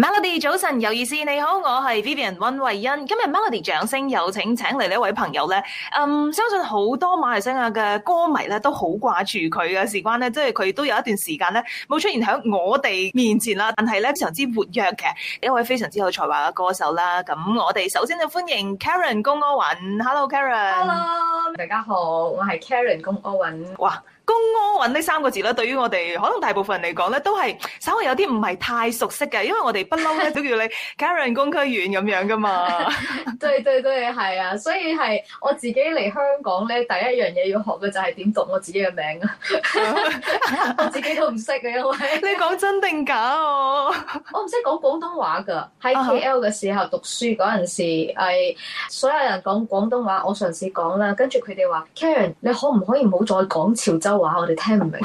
Melody 早晨，有意思，你好，我係 Vivian 溫慧欣。今日 Melody 掌聲有請，請嚟呢一位朋友咧，嗯，相信好多馬來西亞嘅歌迷咧，都好掛住佢嘅。事關咧，即係佢都有一段時間咧冇出現喺我哋面前啦，但係咧非常之活躍嘅一位非常之有才華嘅歌手啦。咁我哋首先就歡迎 Karen 龔柯允。Hello，Karen。Hello，Hello。大家好，我係 Karen 龔柯允。哇！公安揾呢三個字咧，對於我哋可能大部分人嚟講咧，都係稍微有啲唔係太熟悉嘅，因為我哋不嬲咧都叫你 Karen 工區院咁樣噶嘛。 對對對，係啊，所以係我自己嚟香港咧，第一樣嘢要學嘅就係點讀我自己嘅名啊！我自己都唔識嘅，因為 你講真定假 我唔識講廣東話噶，喺 KL 嘅時候讀書嗰陣時，uh huh. 所有人講廣東話，我嘗，嘗試講啦，跟住佢哋話：Karen，你可唔可以唔好再講潮，潮州？話我哋聽唔明，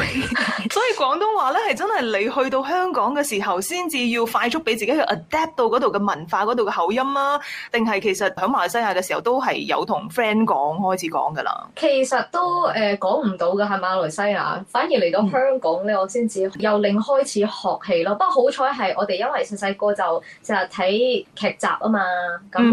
所以廣東話咧係真係你去到香港嘅時候，先至要快速俾自己去 adapt 到嗰度嘅文化、嗰度嘅口音啊，定係其實喺馬來西亞嘅時候都係有同 friend 講開始講噶啦。其實都誒講唔到噶喺馬來西亞，反而嚟到香港咧，嗯、我先至又另開始學起咯。不過好彩係我哋因為細細個就成日睇劇集啊嘛，咁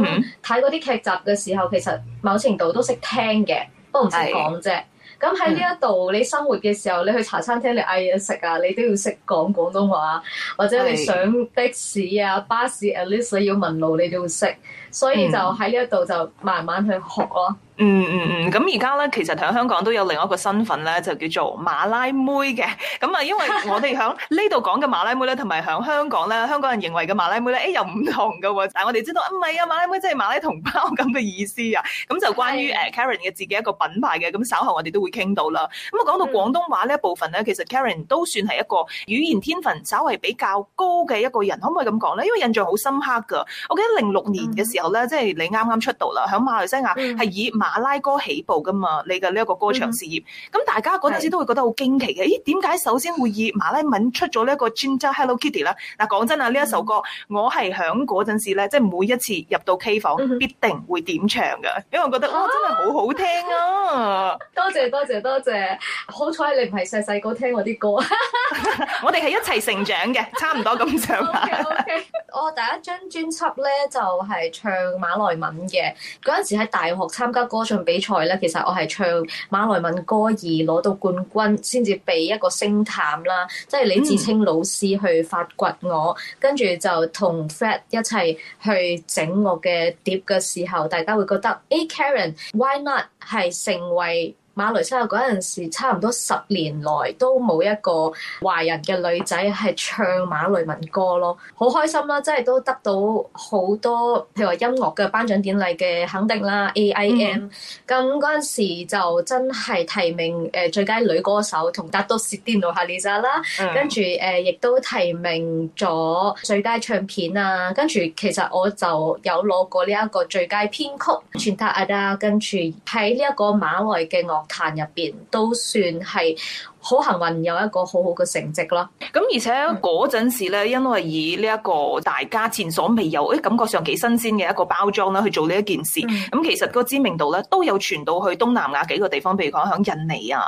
睇嗰啲劇集嘅時候，其實某程度都識聽嘅，都唔識講啫。嗯咁喺呢一度，嗯、你生活嘅時候，你去茶餐廳你嗌嘢食啊，你都要識講廣東話，或者你上的士啊、是巴士啊，at least 要問路，你都要識。所以就喺呢一度就慢慢去學咯、嗯。嗯嗯嗯，咁而家咧，其實喺香港都有另一個身份咧，就叫做馬拉妹嘅。咁、嗯、啊，因為我哋喺呢度講嘅馬拉妹咧，同埋喺香港咧，香港人認為嘅馬拉妹咧，誒、欸、又唔同噶喎。但係我哋知道唔係啊，啊，馬拉妹即係馬拉同胞咁嘅意思啊。咁、嗯、就關於誒 Karen 嘅自己一個品牌嘅，咁稍後我哋都會傾到啦。咁、嗯、啊，嗯、講到廣東話呢一部分咧，其實 Karen 都算係一個語言天分稍為比較高嘅一個人，可唔可以咁講咧？因為印象好深刻㗎。我記得零六年嘅時候、嗯。即係你啱啱出道啦，喺馬來西亞係以馬拉歌起步噶嘛，你嘅呢一個歌唱事業，咁、嗯、大家嗰陣時都會覺得好驚奇嘅，是咦？點解首先會以馬拉文出咗呢一個專輯《Hello Kitty》咧？嗱，講真啊，呢一首歌我係響嗰陣時咧，即係每一次入到 K 房、嗯、哼必定會點唱噶，因為我覺得哇，真係好好聽啊！多謝多謝多謝，多謝多謝好彩你唔係細細個聽我啲歌， 我哋係一齊成長嘅，差唔多咁上下。 okay, okay. 我第一張專輯咧就係、是、唱。唱馬來文嘅嗰陣時喺大學參加歌唱比賽咧，其實我係唱馬來文歌兒攞到冠軍，先至俾一個星探啦，即係李自清老師去發掘我，嗯、跟住就同 Fat 一齊去整我嘅碟嘅時候，大家會覺得誒、hey，Karen，Why not 係成為？馬來西亞嗰陣時，差唔多十年來都冇一個華人嘅女仔係唱馬來文歌咯，好開心啦、啊！真係都得到好多譬如話音樂嘅頒獎典禮嘅肯定啦，AIM。咁嗰陣時就真係提名誒最佳女歌手，同 Datuk Siti Nurhaliza 啦，嗯、跟住誒亦都提名咗最佳唱片啊。跟住其實我就有攞過呢一個最佳編曲全塔啊，嗯嗯、跟住喺呢一個馬來嘅樂壇入邊都算係。好幸運有一個好好嘅成績咯，咁、嗯、而且嗰陣時咧，因為以呢一個大家前所未有，誒感覺上幾新鮮嘅一個包裝啦，去做呢一件事，咁、嗯嗯、其實個知名度咧都有傳到去東南亞幾個地方，譬如講響印尼啊、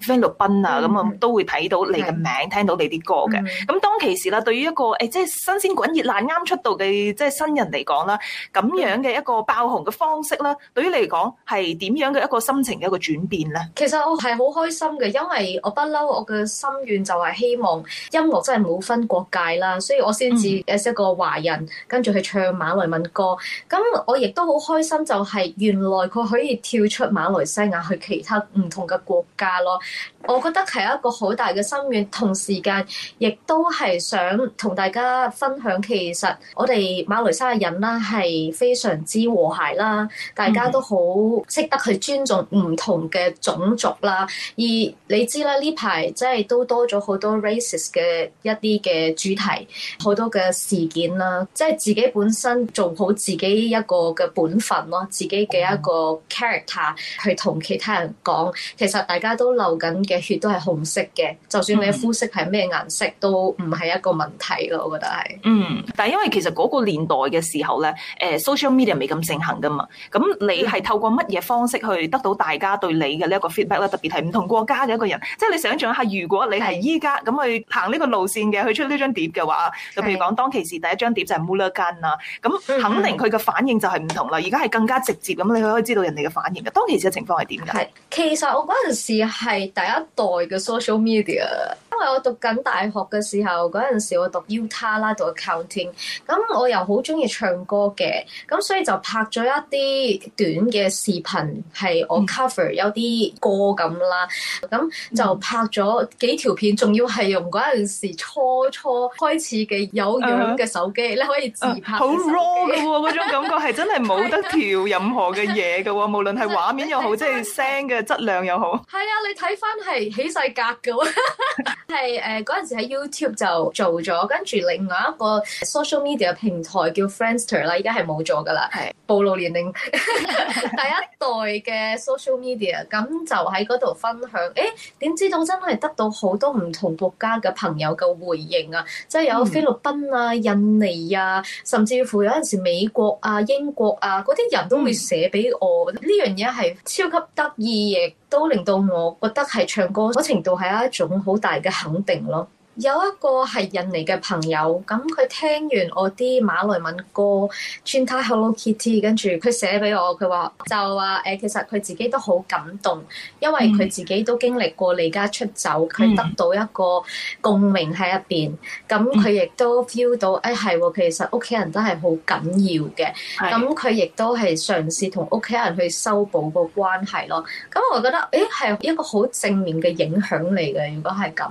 菲律賓啊，咁、嗯、啊、嗯嗯、都會睇到你嘅名，的聽到你啲歌嘅。咁、嗯嗯、當其時啦，對於一個誒、哎、即係新鮮滾熱辣啱出道嘅即係新人嚟講啦，咁樣嘅一個爆紅嘅方式咧，對於你嚟講係點樣嘅一個心情嘅一個轉變咧？其實我係好開心嘅，因為我。不嬲，我嘅心願就係希望音樂真係冇分國界啦，所以我先至誒一個華人，嗯、跟住去唱馬來文歌。咁我亦都好開心，就係原來佢可以跳出馬來西亞去其他唔同嘅國家咯。我覺得係一個好大嘅心願，同時間亦都係想同大家分享，其實我哋馬來西亞人啦，係非常之和諧啦，大家都好識得去尊重唔同嘅種族啦。而你知啦，呢～呢排即係都多咗好多 racist 嘅一啲嘅主題，好多嘅事件啦。即係自己本身做好自己一個嘅本分咯，自己嘅一個 character 去同其他人講。其實大家都流緊嘅血都係紅色嘅，就算你嘅膚色係咩顏色都唔係一個問題咯。嗯，我覺得係。嗯，但係因為其實嗰個年代嘅時候咧，誒 social media 未咁盛行噶嘛。咁你係透過乜嘢方式去得到大家對你嘅呢一個 feedback 咧？特別係唔同國家嘅一個人，即係你。想象一下，如果你係依家咁去行呢個路線嘅，去出呢張碟嘅話，是就譬如講當其時第一張碟就係 Mulligan 啦是，咁肯定佢嘅反應就係唔同啦。而家係更加直接咁，你可以知道人哋嘅反應嘅。當其時嘅情況係點㗎？係其實我嗰陣時係第一代嘅 social media。因為我讀緊大學嘅時候，嗰陣時我讀 Utah 啦，讀 accounting，咁我又好中意唱歌嘅，咁所以就拍咗一啲短嘅視頻，係我 cover 有啲歌咁啦，咁、嗯、就拍咗幾條片，仲要係用嗰陣時初初開始嘅有樣嘅手機咧，uh huh. 你可以自拍。好 raw 噶喎，嗰、huh. uh huh. 種感覺係真係冇得調任何嘅嘢噶喎，uh huh. 無論係畫面又好，即係聲嘅質量又好。係啊、uh，你睇翻係起晒格噶。係誒，嗰陣時喺 YouTube 就做咗，跟住另外一個 social media 平台叫 Friendster 啦，而家係冇咗噶啦。係暴露年齡 第一代嘅 social media，咁就喺嗰度分享。誒、欸、點知道真係得到好多唔同國家嘅朋友嘅回應啊！即係有菲律賓啊、印尼啊，甚至乎有陣時美國啊、英國啊，嗰啲人都會寫俾我。呢、嗯、樣嘢係超級得意嘅。都令到我覺得係唱歌嗰程度係一種好大嘅肯定咯。有一個係印尼嘅朋友，咁佢聽完我啲馬來文歌《Cinta Hello Kitty》，跟住佢寫俾我，佢話就話誒、欸，其實佢自己都好感動，因為佢自己都經歷過離家出走，佢得到一個共鳴喺入邊。咁佢亦都 feel 到誒係喎，其實屋企人都係好緊要嘅。咁佢亦都係嘗試同屋企人去修補個關係咯。咁我覺得誒係、欸、一個好正面嘅影響嚟嘅。如果係咁。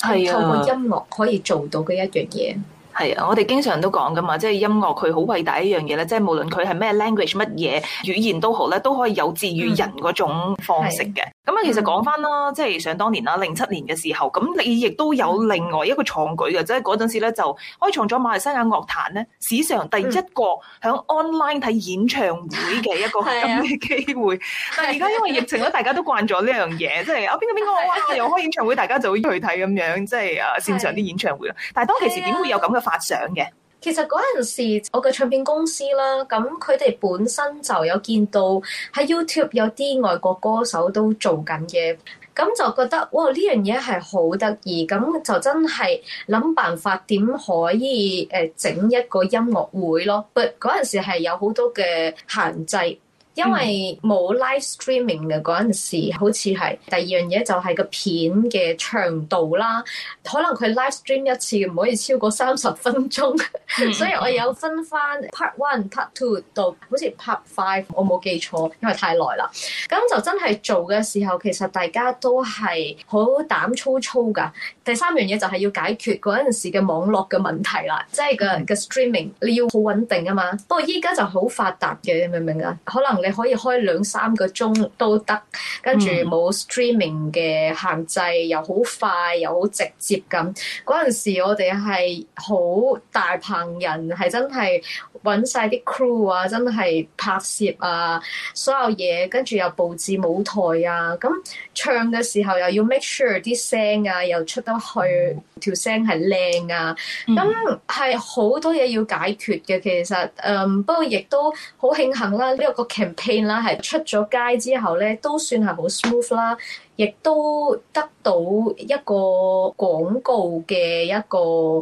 係啊，透過音樂可以做到嘅一樣嘢。係啊，我哋經常都講㗎嘛，即係音樂佢好偉大一樣嘢咧。即係無論佢係咩 language 乜嘢語言都好咧，都可以有治癒人嗰種方式嘅。嗯咁啊，嗯、其實講返啦，即、就、係、是、想當年啦，零七年嘅時候，咁你亦都有另外一個創舉嘅，嗯、即係嗰陣時咧就開創咗馬來西亞樂壇咧史上第一個響 online 睇演唱會嘅一個咁嘅機會。嗯、但係而家因為疫情咧，的大家都慣咗呢樣嘢，的即係的啊邊個邊個哇又開演唱會，大家就會去睇咁樣，即係啊線上啲演唱會啦。但係當其時點會有咁嘅發想嘅？其實嗰陣時，我嘅唱片公司啦，咁佢哋本身就有見到喺 YouTube 有啲外國歌手都做緊嘢，咁就覺得哇呢樣嘢係好得意，咁就真係諗辦法點可以誒、呃、整一個音樂會咯。But 嗰陣時係有好多嘅限制。因為冇 live streaming 嘅陣時，好似係第二樣嘢就係個片嘅長度啦。可能佢 live stream 一次唔可以超過三十分鐘， 所以我有分翻 part one、part two 到好似 part five，我冇記錯，因為太耐啦。咁就真係做嘅時候，其實大家都係好膽粗粗㗎。第三樣嘢就係要解決陣時嘅網絡嘅問題啦，即係個個 streaming 你要好穩定啊嘛。不過依家就好發達嘅，你明唔明啊？可能你。可以開兩三個鐘都得，跟住冇 streaming 嘅限制，又好快又好直接咁。嗰陣時我哋係好大棚人，係真係揾晒啲 crew 啊，真係拍攝啊，所有嘢跟住又佈置舞台啊，咁、嗯、唱嘅時候又要 make sure 啲聲啊又出得去，條聲係靚啊，咁係好多嘢要解決嘅。其實，嗯，不過亦都好慶幸啦，呢個片啦，係出咗街之後咧，都算係好 smooth 啦，亦都得到一個廣告嘅一個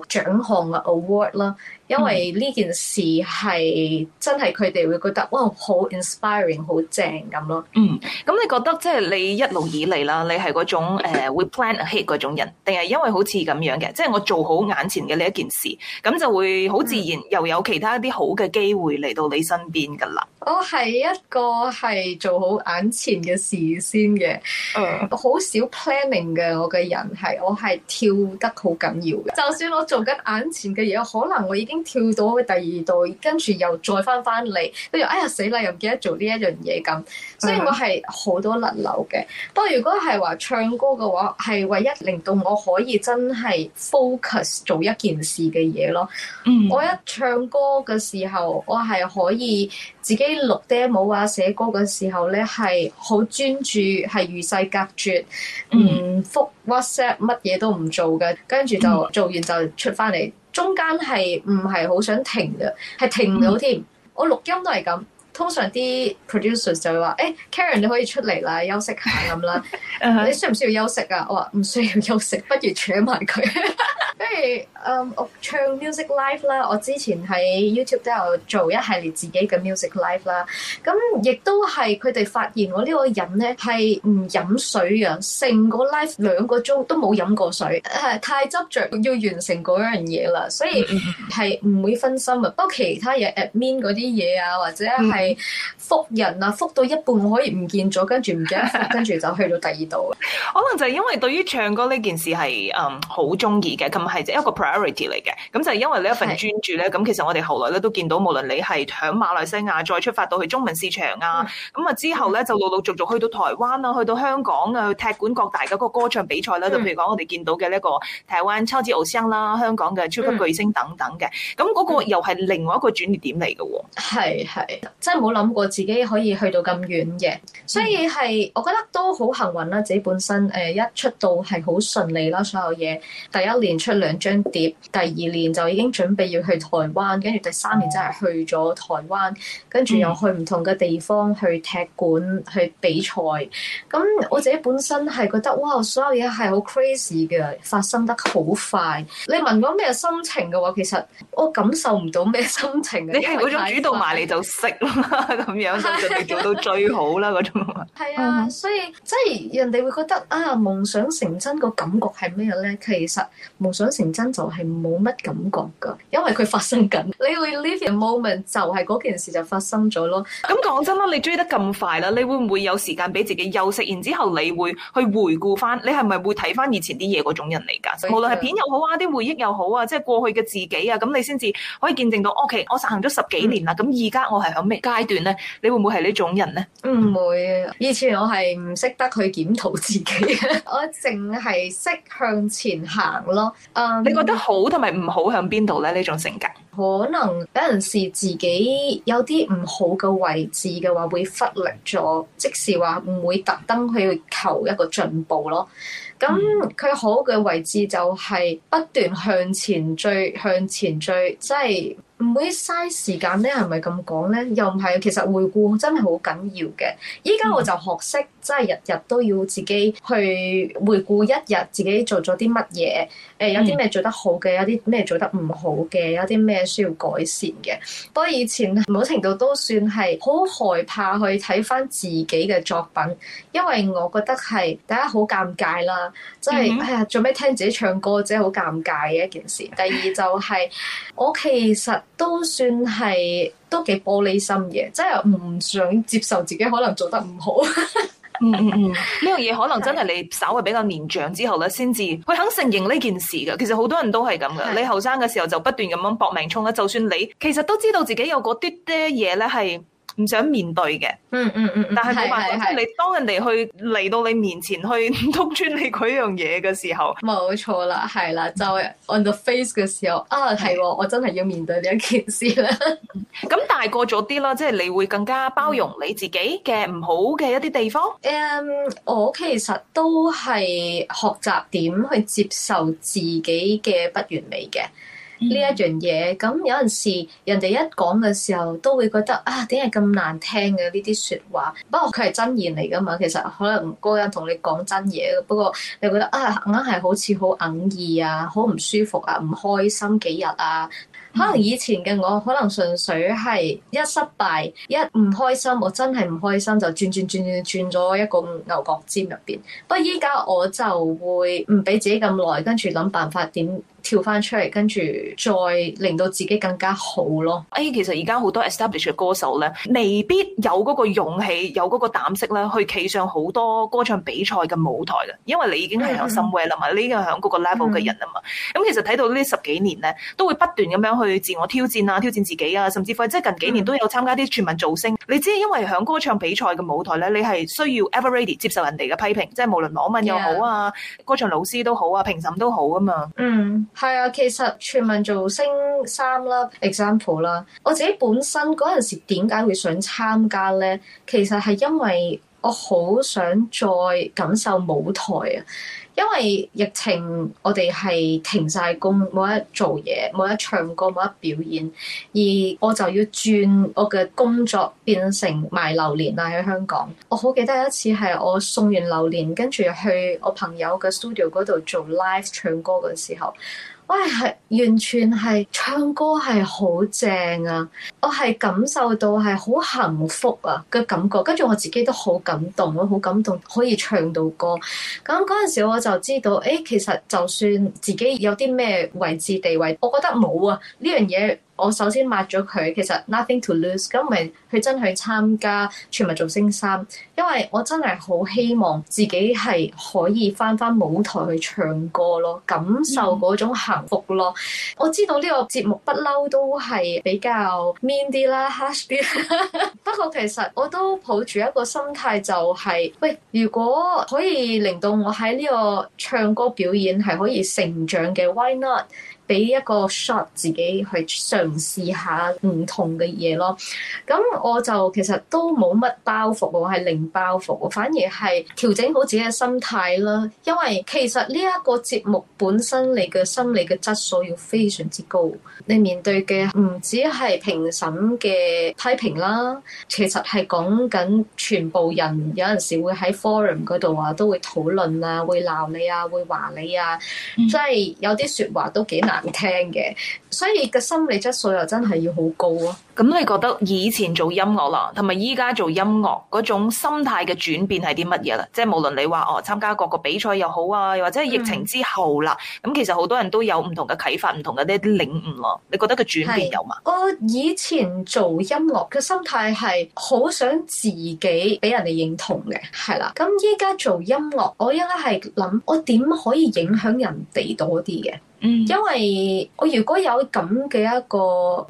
獎項嘅 award 啦。因為呢件事係真係佢哋會覺得哇好 inspiring 好正咁咯。嗯，咁、嗯、你覺得即係你一路以嚟啦，你係嗰種誒會、uh, plan ahead 嗰種人，定係因為好似咁樣嘅，即係我做好眼前嘅呢一件事，咁就會好自然、嗯、又有其他一啲好嘅機會嚟到你身邊噶啦。我係一個係做好眼前嘅事先嘅，我好、嗯、少 planning 嘅，我嘅人係我係跳得好緊要嘅， 就算我做緊眼前嘅嘢，可能我已經。跳到第二度，跟住又再翻翻嚟，跟住哎呀死啦，又唔記得做呢一樣嘢咁。所以我係好多甩漏嘅。不過、mm hmm. 如果係話唱歌嘅話，係唯一令到我可以真係 focus 做一件事嘅嘢咯。Mm hmm. 我一唱歌嘅時候，我係可以自己錄 demo 啊，寫歌嘅時候咧係好專注，係與世隔絕，唔覆 WhatsApp，乜嘢都唔做嘅，跟住就、mm hmm. 做完就出翻嚟。中間係唔係好想停嘅，係停唔到添。嗯、我錄音都係咁，通常啲 producers 就會話：誒、欸、Karen 你可以出嚟啦，休息下咁啦。 uh、huh. 你需唔需要休息啊？我話唔需要休息，不如坐埋佢。 跟住，嗯，我唱 music life 啦。我之前喺 YouTube 都有做一系列自己嘅 music life 啦。咁亦都係佢哋發現我呢個人咧係唔飲水啊，成個 life 兩個鐘都冇飲過水，呃，太執着要完成嗰樣嘢啦。所以係唔會分心啊。不過其他嘢 admin 嗰啲嘢啊，或者係覆人啊，覆到一半可以唔見咗，跟住唔記得覆，跟住就去到第二度。 可能就係因為對於唱歌呢件事係嗯好中意嘅咁。Um, 係一個 priority 嚟嘅，咁就係因為呢一份專注咧，咁是其實我哋後來咧都見到，無論你係響馬來西亞再出發到去中文市場啊，咁啊，嗯、之後咧就陸陸續續去到台灣啦，啊，去到香港啊，去踢館各大嗰個歌唱比賽啦，啊。嗯、就譬如講我哋見到嘅呢一個台灣超級偶像啦，嗯、香港嘅超級巨星等等嘅，咁嗰，嗯、個又係另外一個轉折點嚟嘅。係係，真係冇諗過自己可以去到咁遠嘅，所以係我覺得都好幸運啦，自己本身誒一出道係好順利啦，所有嘢，第一年出。兩張碟，第二年就已經準備要去台灣，跟住第三年真係去咗台灣，跟住又去唔同嘅地方去踢館去比賽。咁我自己本身係覺得哇，所有嘢係好 crazy 嘅，發生得好快。你問我咩心情嘅話，其實我感受唔到咩心情。你係嗰種主導埋你就識啦，咁 樣就盡量做到最好啦，嗰種。係啊，所以即係人哋會覺得啊，夢想成真個感覺係咩咧？其實夢想。講成真就係冇乜感覺噶，因為佢發生緊。你會 live in moment，就係、是、嗰件事就發生咗咯。咁講 真啦，你追得咁快啦，你會唔會有時間俾自己休息？然之後你會去回顧翻，你係咪會睇翻以前啲嘢嗰種人嚟噶？ 無論係片又好啊，啲回憶又好啊，即係過去嘅自己啊，咁你先至可以見證到。O、OK, K，我實行咗十幾年啦，咁而家我係響咩階段咧？你會唔會係呢種人咧？唔會、嗯，以前我係唔識得去檢討自己， 我淨係識向前行咯。Um, 你覺得好同埋唔好向邊度咧？呢種性格可能有陣時自己有啲唔好嘅位置嘅話，會忽略咗，即是話唔會特登去求一個進步咯。咁佢好嘅位置就係不斷向前追，向前追，即係唔會嘥時間咧。係咪咁講咧？又唔係。其實回顧真係好緊要嘅。依家我就學識。嗯真係日日都要自己去回顧一日自己做咗啲乜嘢，誒、呃、有啲咩做得好嘅，有啲咩做得唔好嘅，有啲咩需要改善嘅。不過以前某程度都算係好害怕去睇返自己嘅作品，因為我覺得係大家好尷尬啦，即係、mm hmm. 哎呀做咩聽自己唱歌真係好尷尬嘅一件事。第二就係、是、 我其實都算係都幾玻璃心嘅，真係唔想接受自己可能做得唔好。 嗯嗯嗯，呢樣嘢可能真係你稍為比較年長之後咧，先至佢肯承認呢件事嘅。其實好多人都係咁嘅，你後生嘅時候就不斷咁樣搏命衝咧，就算你其實都知道自己有個啲爹嘢咧係。唔想面對嘅、嗯，嗯嗯嗯，但係冇辦法，是是是即係你當人哋去嚟到你面前去篤穿你嗰樣嘢嘅時候，冇錯啦，係啦，就 on the face 嘅時候，啊，係喎，我真係要面對呢一件事啦、嗯。咁大個咗啲啦，即係你會更加包容你自己嘅唔好嘅一啲地方。誒、嗯，我其實都係學習點去接受自己嘅不完美嘅。呢、嗯、一樣嘢，咁有陣時人哋一講嘅時候，都會覺得啊，點解咁難聽嘅呢啲説話？不過佢係真言嚟㗎嘛，其實可能嗰個人同你講真嘢。不過你覺得啊，硬係好似好硬意啊，好唔舒服啊，唔、啊、開心幾日啊？可能以前嘅我，可能純粹係一失敗，一唔開心，我真係唔開心就轉轉轉轉轉咗一個牛角尖入邊。不過依家我就會唔俾自己咁耐，跟住諗辦法點。跳翻出嚟，跟住再令到自己更加好咯。哎，hey, 其實而家好多 establish 嘅歌手咧，未必有嗰個勇氣，有嗰個膽色咧，去企上好多歌唱比賽嘅舞台嘅。因為你已經係有 some way 啦嘛，你已經係響嗰個 level 嘅人啊嘛。咁、mm hmm. 其實睇到呢十幾年咧，都會不斷咁樣去自我挑戰啊，挑戰自己啊，甚至乎即係近幾年都有參加啲全民造星。Mm hmm. 你只知因為響歌唱比賽嘅舞台咧，你係需要 ever ready 接受人哋嘅批評，即係無論網民又好啊，Yeah. 歌唱老師都好啊，評審都好啊嘛。嗯、mm。Hmm. 係啊，其實全民造星三啦，example 啦，我自己本身嗰陣時點解會想參加呢？其實係因為我好想再感受舞台啊。因為疫情，我哋係停晒工，冇得做嘢，冇得唱歌，冇得表演，而我就要轉我嘅工作變成賣榴蓮啦。喺香港，我好記得有一次係我送完榴蓮，跟住去我朋友嘅 studio 嗰度做 live 唱歌嘅時候。我係、哎、完全係唱歌係好正啊！我係感受到係好幸福啊嘅感覺，跟住我自己都好感動，我好感動可以唱到歌。咁嗰陣時我就知道，誒、哎、其實就算自己有啲咩位置地位，我覺得冇啊呢樣嘢。我首先抹咗佢，其實 nothing to lose，咁咪佢真係去參加全民造星三，因為我真係好希望自己係可以返返舞台去唱歌咯，感受嗰種幸福咯。嗯、我知道呢個節目不嬲都係比較 mean 啲啦，harsh 啲。 不過其實我都抱住一個心態、就係，就係喂，如果可以令到我喺呢個唱歌表演係可以成長嘅，why not？俾一個 shot 自己去嘗試下唔同嘅嘢咯，咁我就其實都冇乜包袱喎，係零包袱，包袱反而係調整好自己嘅心態啦。因為其實呢一個節目本身你嘅心理嘅質素要非常之高，你面對嘅唔止係評審嘅批評啦，其實係講緊全部人有陣時會喺 forum 嗰度啊都會討論啊會鬧你啊會話你啊，即係、啊、有啲説話都幾難難聽嘅，所以個心理質素又真係要好高啊。咁你覺得以前做音樂啦，同埋依家做音樂嗰種心態嘅轉變係啲乜嘢啦？即係無論你話哦，參加各個比賽又好啊，又或者係疫情之後啦，咁、嗯、其實好多人都有唔同嘅啟發、唔同嘅一啲領悟咯。你覺得個轉變有嗎？我以前做音樂嘅心態係好想自己俾人哋認同嘅，係啦。咁依家做音樂，我應該係諗我點可以影響人哋多啲嘅？嗯，因為我如果有咁嘅一個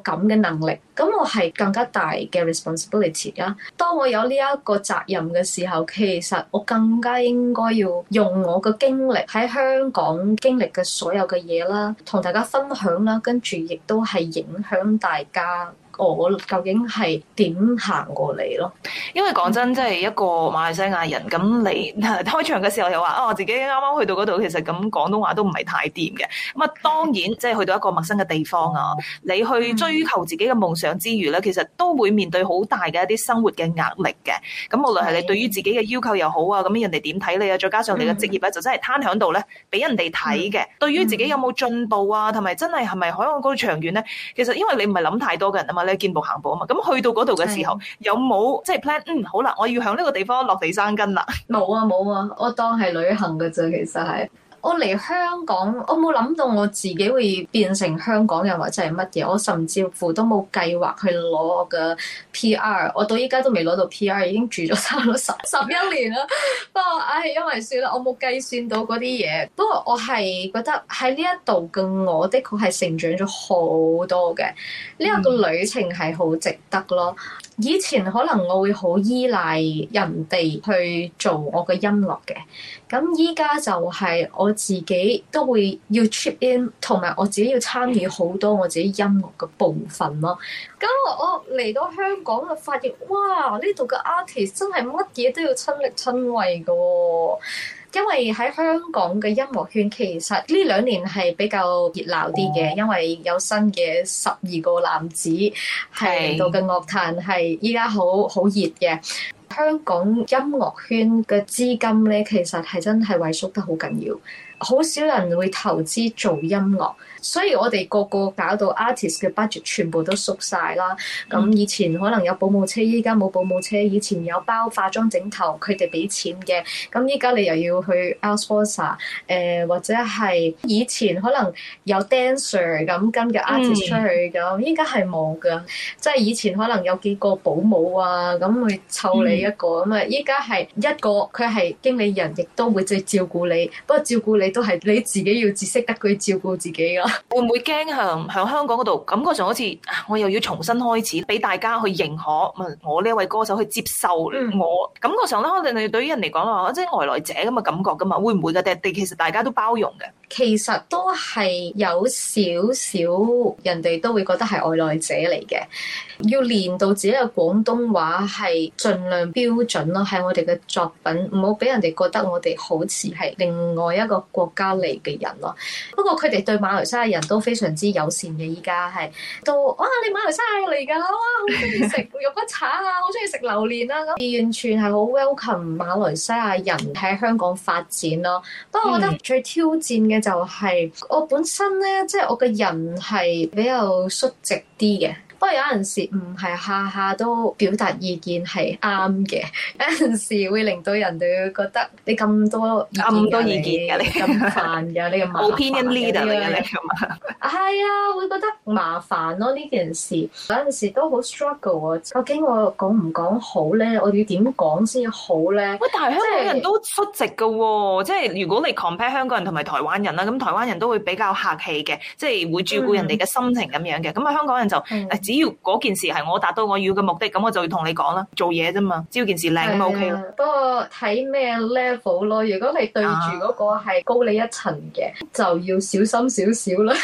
咁嘅能力。咁我係更加大嘅 responsibility 啦。當我有呢一個責任嘅時候，其實我更加應該要用我嘅經歷喺香港經歷嘅所有嘅嘢啦，同大家分享啦，跟住亦都係影響大家。我究竟係點行過嚟咯？因為講真，即係一個馬來西亞人咁，你開場嘅時候又話：哦、啊，自己啱啱去到嗰度，其實咁廣東話都唔係太掂嘅。咁啊，當然的即係去到一個陌生嘅地方啊，你去追求自己嘅夢想之餘咧，其實都會面對好大嘅一啲生活嘅壓力嘅。咁無論係你對於自己嘅要求又好啊，咁人哋點睇你啊？再加上你嘅職業咧，就真係攤喺度咧，俾人哋睇嘅。對於自己有冇進步啊？同埋真係係咪海岸高長遠咧？其實因為你唔係諗太多嘅人啊嘛。你見步行步啊嘛，咁去到嗰度嘅時候，是的 有冇即係 plan？嗯，好啦，我要響呢個地方落地生根啦。冇啊，冇啊，我當係旅行嘅啫，其實係。我嚟香港，我冇諗到我自己會變成香港人或者係乜嘢，我甚至乎都冇計劃去攞我嘅 PR，我到依家都未攞到 PR，已經住咗差唔多十十一年啦。不過唉，因為算啦，我冇計算到嗰啲嘢。不過我係覺得喺呢一度嘅我，的確係成長咗好多嘅，呢一個旅程係好值得咯。以前可能我會好依賴人哋去做我嘅音樂嘅，咁依家就係我自己都會要 chip in，同埋我自己要參與好多我自己音樂嘅部分咯。咁我嚟到香港就發現，哇！呢度嘅 artist 真係乜嘢都要親力親為嘅。因為喺香港嘅音樂圈其實呢兩年係比較熱鬧啲嘅，因為有新嘅十二個男子係嚟到嘅樂壇，係依家好好熱嘅。香港音樂圈嘅資金呢，其實係真係萎縮得好緊要，好少人會投資做音樂。所以我哋個個搞到 artist 嘅 budget 全部都縮晒啦。咁以前可能有保姆車，依家冇保姆車。以前有包化妝整頭，佢哋俾錢嘅。咁依家你又要去 outsource，誒、呃、或者係以前可能有 dancer 咁跟嘅 artist 出去咁，依家係冇噶。即係、就是、以前可能有幾個保姆啊，咁會湊你一個咁啊。依家係一個，佢係經理人，亦都會即係照顧你。不過照顧你都係你自己要自識得佢照顧自己咯。會唔會驚向喺香港嗰度？感覺上好似我又要重新開始，俾大家去認可，唔我呢一位歌手去接受我。嗯、感覺上咧可能對於人嚟講啦，即係外來者咁嘅感覺噶嘛，會唔會嘅？但係其實大家都包容嘅。其實都係有少少，人哋都會覺得係外來者嚟嘅。要練到自己嘅廣東話係盡量標準咯，喺我哋嘅作品，唔好俾人哋覺得我哋好似係另外一個國家嚟嘅人咯。不過佢哋對馬來西亞人都非常之友善嘅，依家係都哇，你馬來西亞嚟㗎，哇！好中意食肉骨茶啊，好中意食榴蓮啊，完全係好 welcome 馬來西亞人喺香港發展咯。不過我覺得最挑戰嘅、嗯。就係我本身咧，即係我嘅人係比較率直啲嘅。不過有陣時唔係下下都表達意見係啱嘅，有陣時會令到人哋會覺得你咁多咁多意見嘅，你咁煩嘅，你冇偏心 leader 樣咁啊，係啊，會覺得麻煩咯、啊、呢件事有陣時都好 struggle 啊，究竟我講唔講好咧？我要點講先好咧？喂，但係香港人都率直嘅喎，即係、就是、如果你 compare 香港人同埋台灣人啦，咁台灣人都會比較客氣嘅，即係會照顧人哋嘅心情咁樣嘅，咁啊香港人就只要嗰件事係我達到我要嘅目的，咁我就要同你講啦。做嘢啫嘛，只要件事靚咁咪 OK 咯。的不過睇咩 level 咯。如果你對住嗰個係高你一層嘅，Yeah. 就要小心少少啦。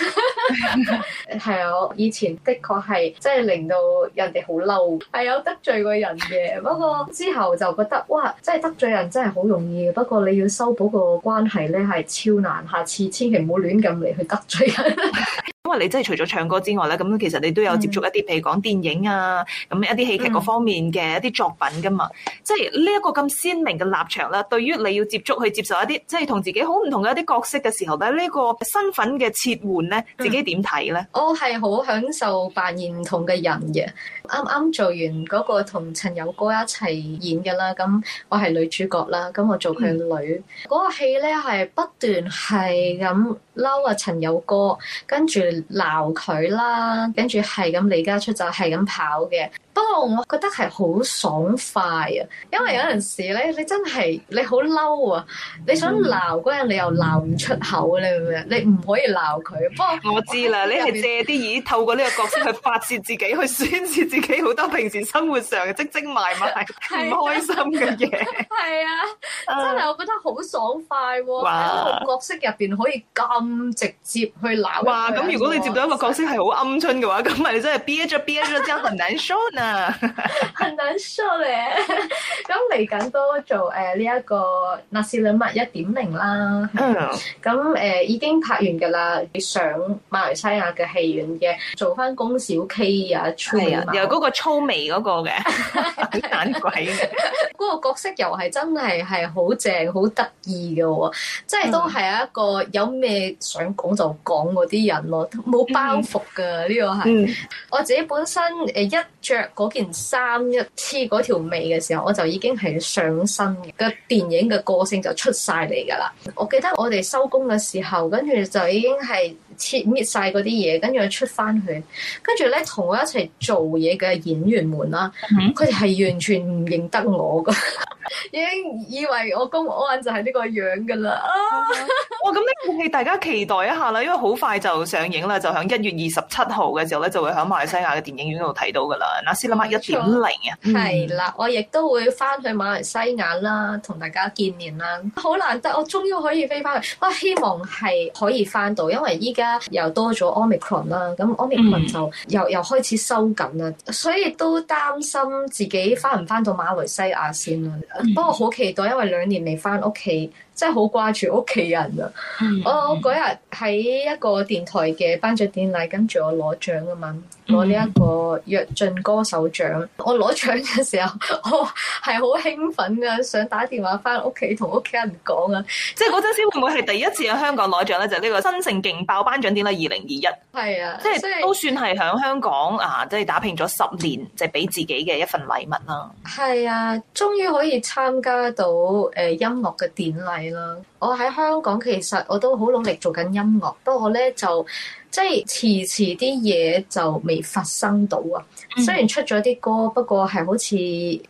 係啊 我 以前的確係，即係令到人哋好嬲，係有得罪過人嘅。 不過之後就覺得，哇，真係得罪人真係好容易。不過你要修補個關係咧，係超難。下次千祈唔好亂咁嚟，去得罪人。 」因為你真係除咗唱歌之外咧，咁其實你都有接觸一啲，譬、嗯、如講電影啊，咁一啲戲劇嗰方面嘅一啲作品噶嘛。即係呢一個咁鮮明嘅立場咧，對於你要接觸去接受一啲，即係同自己好唔同嘅一啲角色嘅時候咧，呢、這個身份嘅切換咧，自己點睇咧？我係好享受扮演唔同嘅人嘅。啱啱做完嗰個同陳友哥一齊演嘅啦，咁我係女主角啦，咁我做佢嘅女。嗰、嗯、個戲咧係不斷係咁嬲啊陳友哥，跟住。鬧佢啦，跟住係咁離家出走，係咁跑嘅。不過我覺得係好爽快啊，因為有陣時咧，你真係你好嬲啊，你想鬧嗰人，你又鬧唔出口，啊。你會唔會？你唔可以鬧佢。不過我，我知啦，你係借啲意透過呢個角色去發泄自己， 去宣泄自己好多平時生活上嘅積積埋埋唔開心嘅嘢。係是的 的啊，真係我覺得好爽快喎，啊！喎哇角色入邊可以咁直接去鬧。哇！咁如果你接到一個角色係好鵪鶉嘅話，咁咪你真係憋咗憋咗之後難受嗱。 啊，難說咧。咁嚟緊都做誒呢一個《納斯禮物》一點零啦。咁誒已經拍完噶啦，上馬來西亞嘅戲院嘅，做翻公小 K 啊，粗又嗰個粗眉嗰個嘅，好盞鬼。嗰個角色又係真係係好正，好得意嘅喎。即係都係一個有咩想講就講嗰啲人咯，冇包袱噶呢個係。我自己本身誒一着嗰件衫一黐嗰條尾嘅時候，我就已經係上身嘅，個電影嘅個性就出晒嚟㗎啦。我記得我哋收工嘅時候，跟住就已經係。切滅晒嗰啲嘢，跟住我出翻去，跟住咧同我一齊做嘢嘅演員們啦，佢哋係完全唔認得我噶， 已經以為我公安就係呢個樣噶啦。哇、啊！咁呢個戲大家期待一下啦，因為好快就上映啦，就喺一月二十七號嘅時候咧，就會喺馬來西亞嘅電影院度睇到噶啦。嗱，先諗下一點零啊，係啦，我亦都會翻去馬來西亞啦，同大家見面啦，好難得，我終於可以飛翻去，我！希望係可以翻到，因為依家。又多咗 Omicron 啦，咁 Omicron 就又、嗯、又開始收緊啦，所以都擔心自己翻唔翻到馬來西亞先啦。嗯、不過好期待，因為兩年未翻屋企。真係好掛住屋企人啊！嗯、我我嗰日喺一個電台嘅頒獎典禮，跟住我攞獎啊嘛，攞呢一個躍進歌手獎。我攞獎嘅時候，我係好興奮㗎，想打電話翻屋企同屋企人講啊！即係嗰陣時會唔會係第一次喺香港攞獎咧？就係、是、呢個新城勁爆頒獎典禮二零二一。係啊，即係都算係喺香港啊，即、就、係、是、打拼咗十年，就俾自己嘅一份禮物啦。係啊，終於可以參加到誒、呃、音樂嘅典禮。係啦，我喺香港其實我都好努力做緊音樂，不過我咧就。即係遲遲啲嘢就未發生到啊！雖然出咗啲歌，不過係好似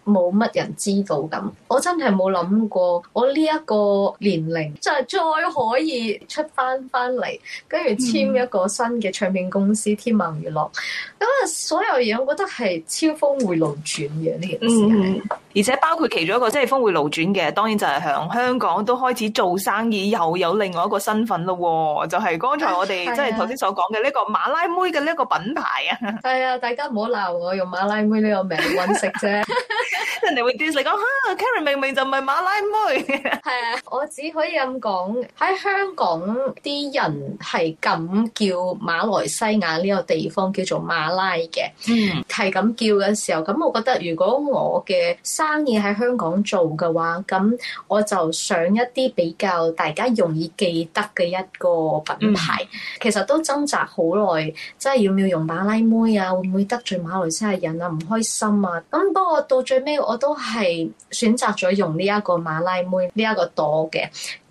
冇乜人知道咁。我真係冇諗過，我呢一個年齡就係再可以出翻翻嚟，跟住簽一個新嘅唱片公司天文娛樂。咁啊，所有嘢我覺得係超峰迴路轉嘅呢件事、嗯。而且包括其中一個即係、就是、峰迴路轉嘅，當然就係喺香港都開始做生意，又有另外一個身份咯、哦。就係、是、剛才我哋、啊、即係頭先所講嘅呢個馬拉妹嘅呢個品牌啊，係啊，大家唔好鬧我用馬拉妹呢個名揾食啫， 人哋會對你講啊 Karen 明明就唔係馬拉妹，係 啊，我只可以咁講，喺香港啲人係咁叫馬來西亞呢個地方叫做馬拉嘅，嗯，係咁叫嘅時候，咁我覺得如果我嘅生意喺香港做嘅話，咁我就想一啲比較大家容易記得嘅一個品牌，嗯、其實都擇好耐，真係要唔要用馬拉妹啊？會唔會得罪馬來西亞人啊？唔開心啊？咁不過到最尾，我都係選擇咗用呢一個馬拉妹呢一個朵嘅，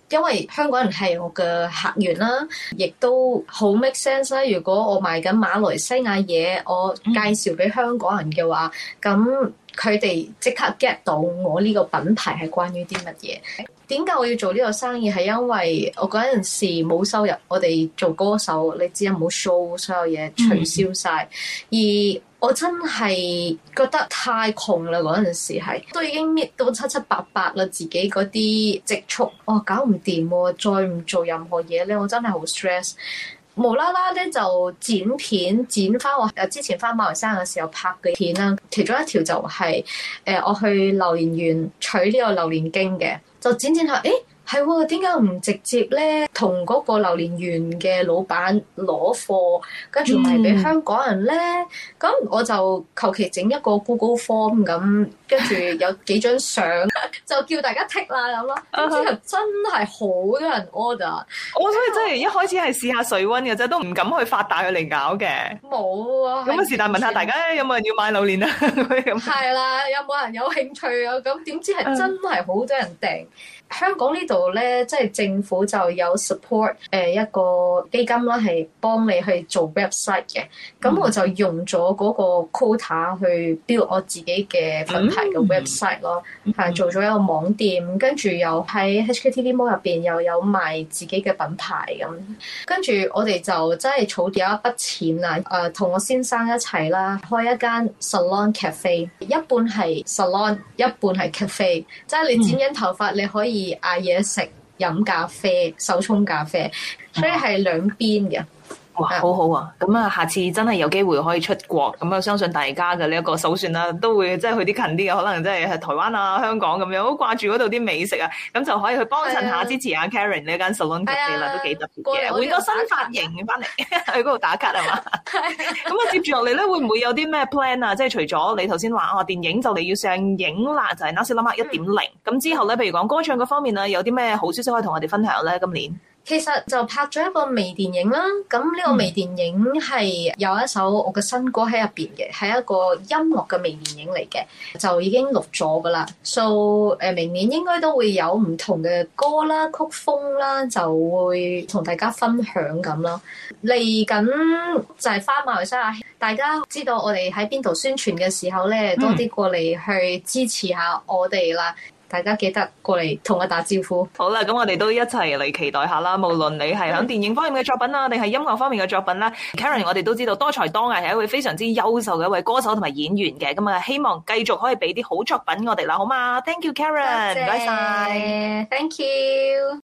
因為香港人係我嘅客源啦，啊，亦都好 make sense 啦，啊。如果我賣緊馬來西亞嘢，我介紹俾香港人嘅話，咁。佢哋即刻 get 到我呢個品牌係關於啲乜嘢？點解我要做呢個生意？係因為我嗰陣時冇收入，我哋做歌手，你知啊，冇 show，所有嘢取消晒。嗯、而我真係覺得太窮啦！嗰陣時係都已經搣到七七八八啦，自己嗰啲積蓄，我、哦、搞唔掂喎，再唔做任何嘢咧，我真係好 stress。無啦啦咧就剪片剪翻我之前翻馬來西亞嘅時候拍嘅片啦，其中一條就係、是、誒、呃、我去榴蓮園取呢個榴蓮經嘅，就剪剪下，誒、欸。係喎，點解唔直接咧？同嗰個榴蓮園嘅老闆攞貨，跟住咪俾香港人咧？咁、嗯、我就求其整一個 Google Form 咁，跟住有幾張相，就叫大家剔 i c k 啦咁咯。點知真係好多人 order！、啊、我、哦、所以真係一開始係試下水溫嘅啫，都唔敢去發大佢嚟搞嘅。冇啊！咁啊，是但問下大家有冇人要買榴蓮啊？咁係啦，有冇人有興趣啊？咁點知係真係好多人訂。嗯香港呢度咧，即係政府就有 support 誒一個基金啦，係幫你去做 website 嘅。咁我就用咗個 quota 去 build 我自己嘅品牌嘅 website 咯，係做咗一個網店，跟住又喺 HKTV Mall 入邊又有賣自己嘅品牌咁。跟住我哋就真係儲咗一筆錢啦，誒、呃、同我先生一齊啦，開一間 salon cafe，一半係 salon，一半係 cafe，即係你剪緊頭髮你可以。嗌嘢食、飲咖啡、手沖咖啡，所以係兩邊嘅。哇，好好啊！咁啊，下次真係有機會可以出國，咁啊，相信大家嘅呢一個首選啦，都會即係去啲近啲嘅，可能即係台灣啊、香港咁、啊、樣，好掛住嗰度啲美食啊，咁就可以去幫襯下支持下的 Karen 呢間 salon 啦，的都幾特別嘅，換個新髮型翻嚟去嗰度打卡啊嘛。咁 啊 接住落嚟咧，會唔會有啲咩 plan 啊？即係除咗你頭先話啊，電影就你要上映啦，就係、是、Nasalama 一點零、嗯。咁之後咧，譬如講歌唱嗰方面啊，有啲咩好消息可以同我哋分享咧？今年？其實就拍咗一個微電影啦，咁呢個微電影係有一首我嘅新歌喺入邊嘅，係一個音樂嘅微電影嚟嘅，就已經錄咗噶啦。所以，so，呃，明年應該都會有唔同嘅歌啦、曲風啦，就會同大家分享咁咯。嚟緊就係翻馬來西亞，大家知道我哋喺邊度宣傳嘅時候咧，多啲過嚟去支持下我哋啦。大家記得過嚟同我打招呼。好啦，咁我哋都一齊嚟期待下啦。無論你係響電影方面嘅作品啊，定係音樂方面嘅作品啦、嗯、Karen，我哋都知道多才多藝係一位非常之優秀嘅一位歌手同埋演員嘅。咁啊，希望繼續可以俾啲好作品我哋啦，好嘛？Thank you，Karen，唔該晒，Thank you。